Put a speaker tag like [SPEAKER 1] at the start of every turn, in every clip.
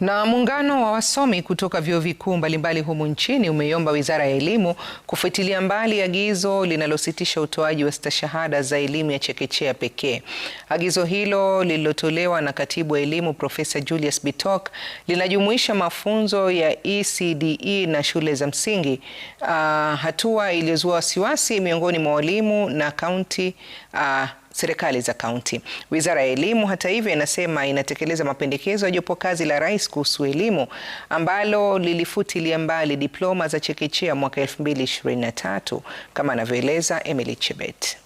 [SPEAKER 1] Na muungano wa wasomi kutoka vyuo vikuu mbalimbali humu nchini umeiomba Wizara ya Elimu kufutilia mbali agizo linalositisha utoaji wa stashahada za elimu ya chekechea pekee. Agizo hilo lililotolewa na Katibu wa Elimu Profesa Julius Bitok linajumuisha mafunzo ya ECDE e na shule za msingi. Uh, hatua iliyozua wasiwasi miongoni mwa walimu na kaunti uh, serikali za kaunti. Wizara ya elimu hata hivyo inasema inatekeleza mapendekezo ya jopo kazi la rais kuhusu elimu ambalo lilifutilia mbali diploma za chekechea mwaka 2023 kama anavyoeleza Emily Chebet.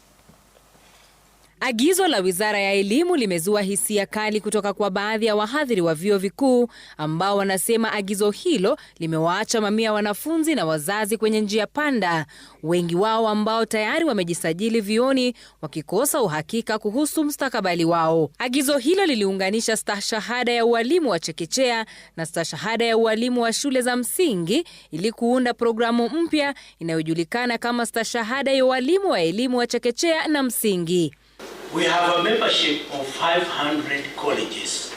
[SPEAKER 2] Agizo la Wizara ya Elimu limezua hisia kali kutoka kwa baadhi ya wahadhiri wa vyuo vikuu ambao wanasema agizo hilo limewaacha mamia wanafunzi na wazazi kwenye njia panda, wengi wao ambao tayari wamejisajili vyuoni wakikosa uhakika kuhusu mstakabali wao. Agizo hilo liliunganisha stashahada ya ualimu wa chekechea na stashahada ya ualimu wa shule za msingi ili kuunda programu mpya inayojulikana kama stashahada ya ualimu wa elimu wa chekechea na msingi.
[SPEAKER 3] We have a membership of 500 colleges,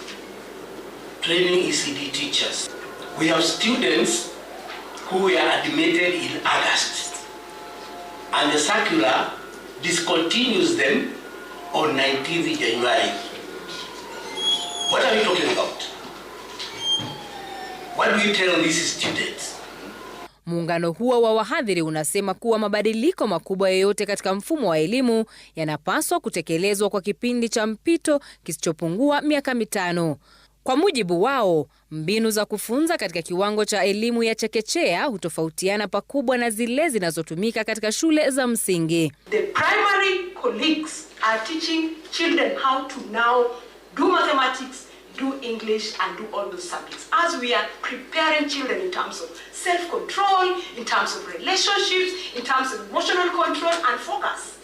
[SPEAKER 3] training ECD teachers. We have students who were admitted in August, and the circular discontinues them on 19th January. What are we talking about? What do you tell these students?
[SPEAKER 2] Muungano huo wa wahadhiri unasema kuwa mabadiliko makubwa yoyote katika mfumo wa elimu yanapaswa kutekelezwa kwa kipindi cha mpito kisichopungua miaka mitano. Kwa mujibu wao, mbinu za kufunza katika kiwango cha elimu ya chekechea hutofautiana pakubwa na zile zinazotumika katika shule za msingi.
[SPEAKER 4] The primary colleagues are teaching children how to now do mathematics do English and do all those subjects. As we are preparing children in terms of self-control, in terms of relationships, in terms of emotional control and focus.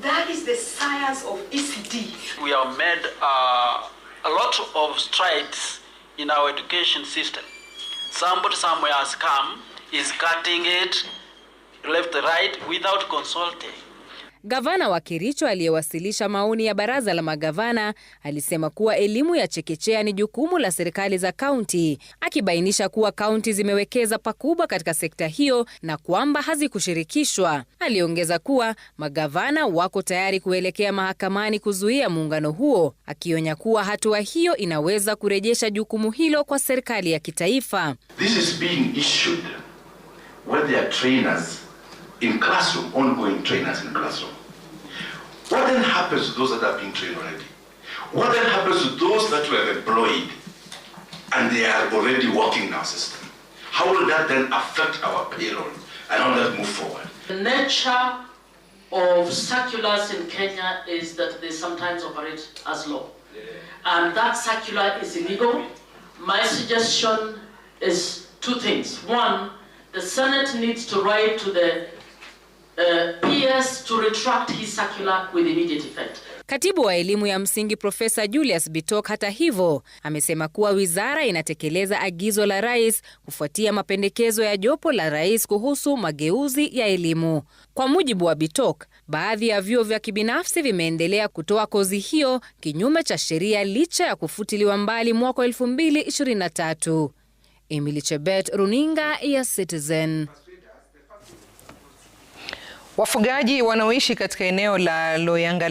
[SPEAKER 4] That is the science of ECD.
[SPEAKER 5] We have made uh, a lot of strides in our education system. Somebody somewhere has come, is cutting it left right without consulting.
[SPEAKER 2] Gavana wa Kericho aliyewasilisha maoni ya baraza la magavana alisema kuwa elimu ya chekechea ni jukumu la serikali za kaunti, akibainisha kuwa kaunti zimewekeza pakubwa katika sekta hiyo na kwamba hazikushirikishwa. Aliongeza kuwa magavana wako tayari kuelekea mahakamani kuzuia muungano huo, akionya kuwa hatua hiyo inaweza kurejesha jukumu hilo kwa serikali ya kitaifa.
[SPEAKER 6] This is being issued where there are trainers in classroom, ongoing trainers in classroom. What then happens to those that have been trained already? What then happens to those that were employed and they are already working in our system? How will that then affect our payroll and how that move forward?
[SPEAKER 7] The nature of circulars in Kenya is that they sometimes operate as law. And that circular is illegal. My suggestion is two things. One, the Senate needs to write to the Uh,
[SPEAKER 2] Katibu wa elimu ya msingi Profesa Julius Bitok hata hivyo amesema kuwa wizara inatekeleza agizo la rais kufuatia mapendekezo ya jopo la rais kuhusu mageuzi ya elimu. Kwa mujibu wa Bitok, baadhi ya vyuo vya kibinafsi vimeendelea kutoa kozi hiyo kinyume cha sheria licha ya kufutiliwa mbali mwaka 2023. Emily Chebet, Runinga ya Citizen. Wafugaji wanaoishi katika eneo la loyangala